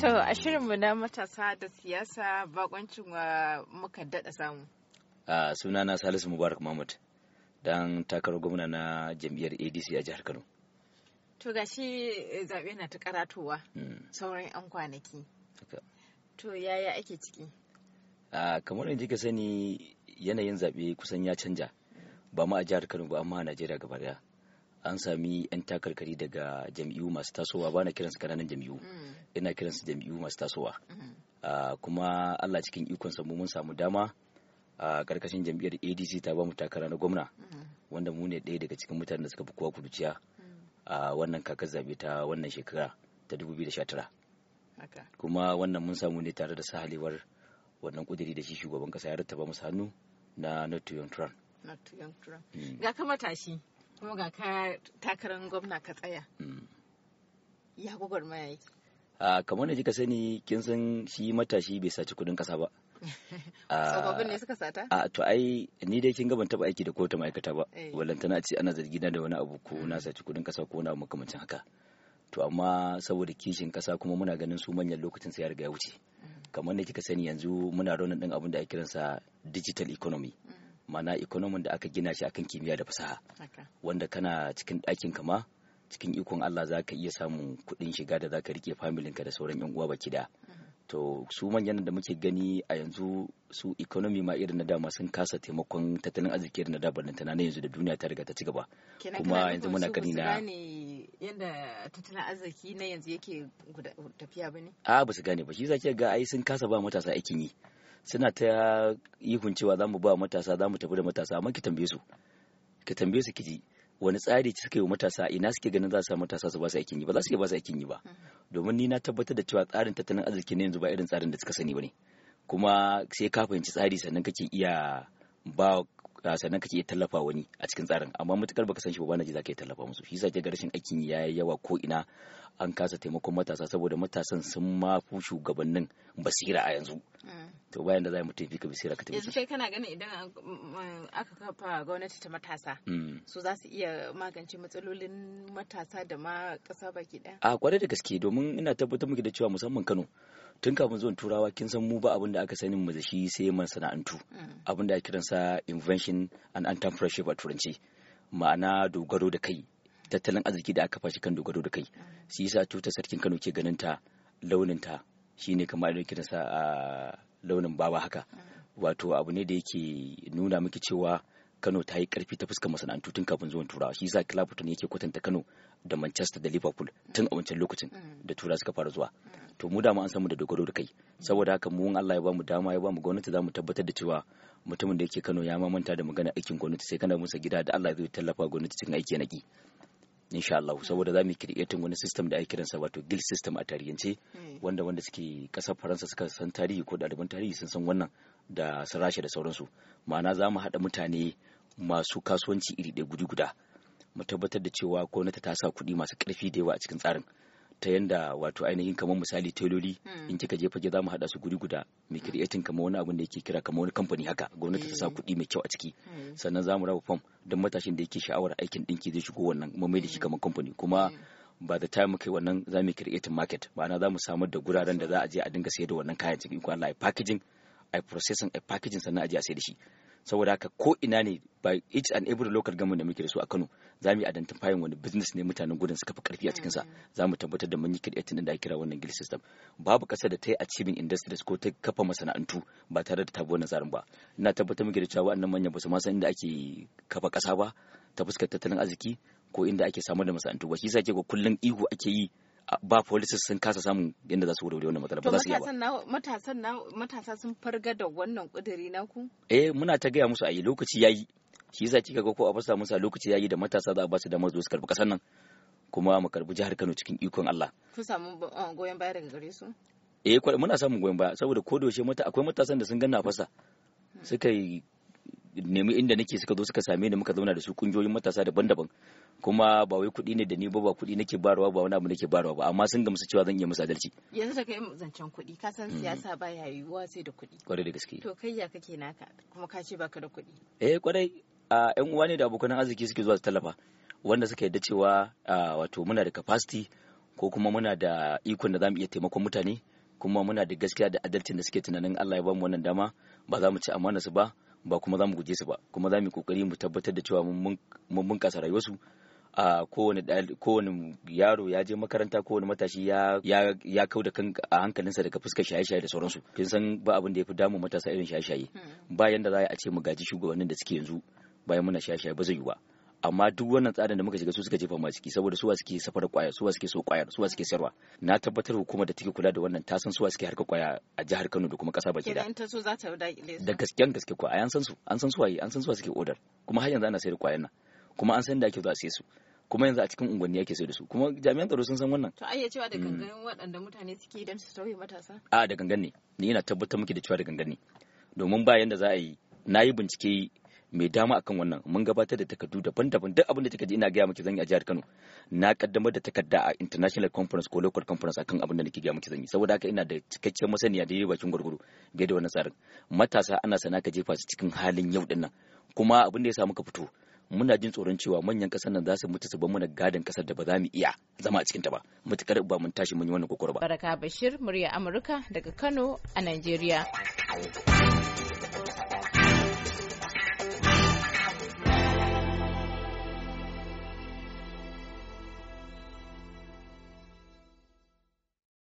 To a shirinmu na matasa da siyasa bakoncin wa muka daɗa samu. A suna na Salisu Mubarak Mahmud dan takarar gwamna na jam'iyyar ADC a jihar Kano. To ga shi eh, zaɓe na ta karatowa hmm. sauran 'yan kwanaki. To yaya ake ciki? kamar yadda kika sani yanayin zaɓe kusan ya canja ba ma a jihar Kano ba amma a Najeriya gaba daya an sami yan takarkari daga jam'iyyu masu tasowa ba na kiransu kananan jam'iyyu mm. ina kiransu jam'iyyu masu tasowa mm. kuma Allah cikin ikon mu mun samu dama a karkashin jam'iyyar ADC ta ba mu takara na gwamna mm. wanda mu ne ɗaya daga cikin mutanen da suka fi kowa kuduciya a wannan kakar zabe ta wannan shekara ta 2019 kuma wannan mun samu ne tare da sahalewar wannan kudiri da shi shugaban kasa ya rattaba musu hannu na Notre trump not young Trump. Hmm. Ga ka matashi kuma ga ka takarar gwamna ka tsaya. Hmm. Ya ma yake. A ah, kamar da kika sani kin san shi matashi bai saci kudin kasa ba. Sababin ne suka sata? A ah, to ai ni dai kin ga ban taba aiki da kowace ma'aikata ba. Walantana eh. ce ana na da wani abu ko na hmm. saci kudin kasa ko na makamancin haka. To amma saboda kishin kasa kuma muna ganin su manyan lokacin sai ya riga ya wuce. Kamar da kika sani yanzu muna raunin din abin da ake kiransa digital economy. mana economy da aka gina shi akan kimiyya da fasaha wanda kana cikin ɗakin kama cikin ikon Allah za ka iya samun kuɗin shiga da za ka rike familinka da sauran yan uwa baki da mm-hmm. to su manyan da muke gani a yanzu su economy ma irin na dama sun kasa taimakon tattalin arziki irin na da barnatana na yanzu da duniya ta riga ta ci gaba kuma yanzu muna gani na yadda tattalin arziki na yanzu yake tafiya ba ne a ba su gane ba shi za ga ai sun kasa ba matasa aikin yi suna ta ihun cewa za mu ba matasa za mu tafi da matasa amma ki tambaye su ki tambaye su ki ji wani tsari suka yi wa matasa ina suke ganin za su matasa su ba su aikin yi ba za su ba su aikin yi ba mm-hmm. domin ni na tabbatar da cewa tsarin tattalin arziki ne yanzu ba irin tsarin da suka sani ba ne kuma sai ka fahimci tsari sannan kake iya ba sannan kake iya tallafa wani a cikin tsarin amma matukar baka san shi ba naji zaka iya tallafa musu shi yasa ga rashin aikin ya yi yawa ko ina an kasa taimakon matasa saboda matasan sun ma fu shugabannin basira a yanzu mm. to bayan da za mu tafi ka basira ka tafi yanzu kana ganin idan mm, aka kafa gwamnati ta matasa mm. su za su iya magance matsalolin matasa da ma kasa baki daya a kwarai da gaske domin ina tabbatar muke da cewa musamman Kano tun kafin zuwan turawa kin san mu ba abin da aka sani mu da shi sai masana'antu mm. abin da ake kiransa invention and entrepreneurship a turanci ma'ana dogaro da kai tattalin arziki da aka fashi kan dogaro da kai mm. shi yasa tutar sarkin Kano ke ganin ta launin ta shine kamar da kiransa a ah, launin baba haka mm. wato abu ne da yake nuna miki cewa Kano ta yi karfi ta fuskar masana'antu tun kafin zuwan Turawa shi yasa Clapton yake kwatanta Kano da Manchester da Liverpool tun a wancan lokacin da tura suka fara zuwa to mu da mu an samu da dogaro da kai saboda haka mu Allah ya bamu dama ya bamu gwamnati zamu tabbatar da cewa mutumin da yake Kano ya mamanta da magana aikin gwamnati sai kana musa gida da Allah zai tallafa gwamnati cikin aiki na ki insha Allah saboda zamu mu wani system da ake kiransa wato guild system a tarihance wanda wanda suke kasar Faransa suka san tarihi ko daliban tarihi sun san wannan da su rashe da sauransu ma'ana za mu haɗa mutane masu kasuwanci iri ɗaya guri guda mu tabbatar da cewa gwamnati ta sa kuɗi masu ƙarfi da yawa a cikin tsarin ta yanda wato ainihin kamar misali teloli in kika je fage za mu haɗa su guri guda mai creating kamar wani abin da yake kira kamar wani kamfani haka gwamnati ta sa mm. kuɗi mai kyau a ciki mm. sannan za mu raba fom don matashin da yake sha'awar aikin ɗinki zai shigo wannan mu mai da shi mm. kamar kamfani kuma ba da time kai wannan za mu creating market ma'ana za mu samar da guraren da za a je a dinga sayar da wannan kayan cikin ikon Allah ai packaging ai processing ai packaging sannan a je a sayar da shi saboda haka ko ina ne by each and every local government da muke da su a Kano za mu identify wani business ne mutanen gudun suka fi karfi a cikin sa mm. za mu tabbatar da mun yi creating tunan da ake kira wannan guild system babu ƙasa da ta yi achieving industries ko ta kafa masana'antu ba tare da tabuwar nazarin ba ina tabbatar muke da cewa wannan manyan ba su ma san inda ake kafa kasa ba ta fuskar tattalin arziki ko inda ake samar da masana'antu ba shi yasa ke ga kullun ihu ake yi ba policies sun kasa samun yadda za su wuri wannan matsala ba za su iya ba matasan na matasa sun farga da wannan kudiri na ku eh muna ta gaya musu ayi lokaci ya yi shi za ki ga ko a fasa musu lokaci ya yi da matasa za a ba su damar zuwa su karbi kasar nan kuma mu karbi jihar Kano cikin ikon Allah ku samu uh, goyon baya daga gare su eh muna samun goyon baya saboda ko da yaushe mata akwai matasan da sun ganna fasa suka yi nemi inda nake suka zo suka same ni muka zauna da su kungiyoyin matasa daban-daban kuma ba wai kuɗi ne da ni ba ba kuɗi nake barawa ba wani abu nake barawa ba amma sun gamsu cewa zan iya musu adalci yanzu da kai zancen kuɗi ka san hmm. siyasa ba ya yiwuwa sai da kuɗi kwarai da gaske to kai ya kake naka kuma ka ce baka da kuɗi eh kwarai a yan uwa ne da abokan arziki suke zuwa su tallafa wanda suka yadda cewa wato muna da capacity ko kuma muna da ikon da zamu iya taimakon mutane kuma muna da gaskiya da adalcin da suke tunanin Allah ya bamu wannan dama ba za mu ci amana su ba ba kuma za mu guje su ba kuma za mu yi kokari mu tabbatar da cewa mun bunƙasa rayuwarsu a kowane yaro ya je makaranta kowane matashi ya kau da a hankalinsa daga fuskar shaye-shaye da sauransu kin san ba abin da ya fi damu matasa irin shaye-shaye hmm. ba yanda za a ce mu gaji shugabannin da suke yanzu bayan muna shaye-shaye ba zai yi ba amma duk wannan tsarin da muka shiga su suka jefa mu ciki saboda suwa suke safar kwaya suwa suke so kwayar suwa suke sayarwa na tabbatar hukumar da take kula da wannan ta san suwa suke harka kwaya a jihar Kano da kuma kasa baki da ta so za ta da gaskiyan gaske ko an san su an san suwaye an san suwa suke order kuma har yanzu ana sayar kwayan nan kuma an san da ake zuwa sai su kuma yanzu a cikin unguwanni yake sai da su kuma jami'an tsaro sun san wannan to ai cewa da mm. gangan waɗanda mutane suke idan su sauye matasa a da gangan ne ni ina tabbatar miki da cewa da gangan ne domin ba yanda za a yi na yi bincike mai dama akan wannan mun gabatar da takardu daban-daban duk abin da take ji ina gaya miki zanyi a jihar Kano na kaddamar da takarda a international conference ko local conference akan abin da nake gaya miki zanyi saboda haka ina da cikakken masaniya da yayi bakin gurguru bai da wannan tsarin matasa ana sana ka jefa su cikin halin yau din nan kuma abin da ya samu ka fito muna jin tsoron cewa manyan kasar nan za su mutu su bar mana gadon kasar da ba za mu iya zama a cikin ta ba mutukar ba mun tashi mun yi wannan kokoro ba baraka bashir murya amurka daga Kano a nigeria.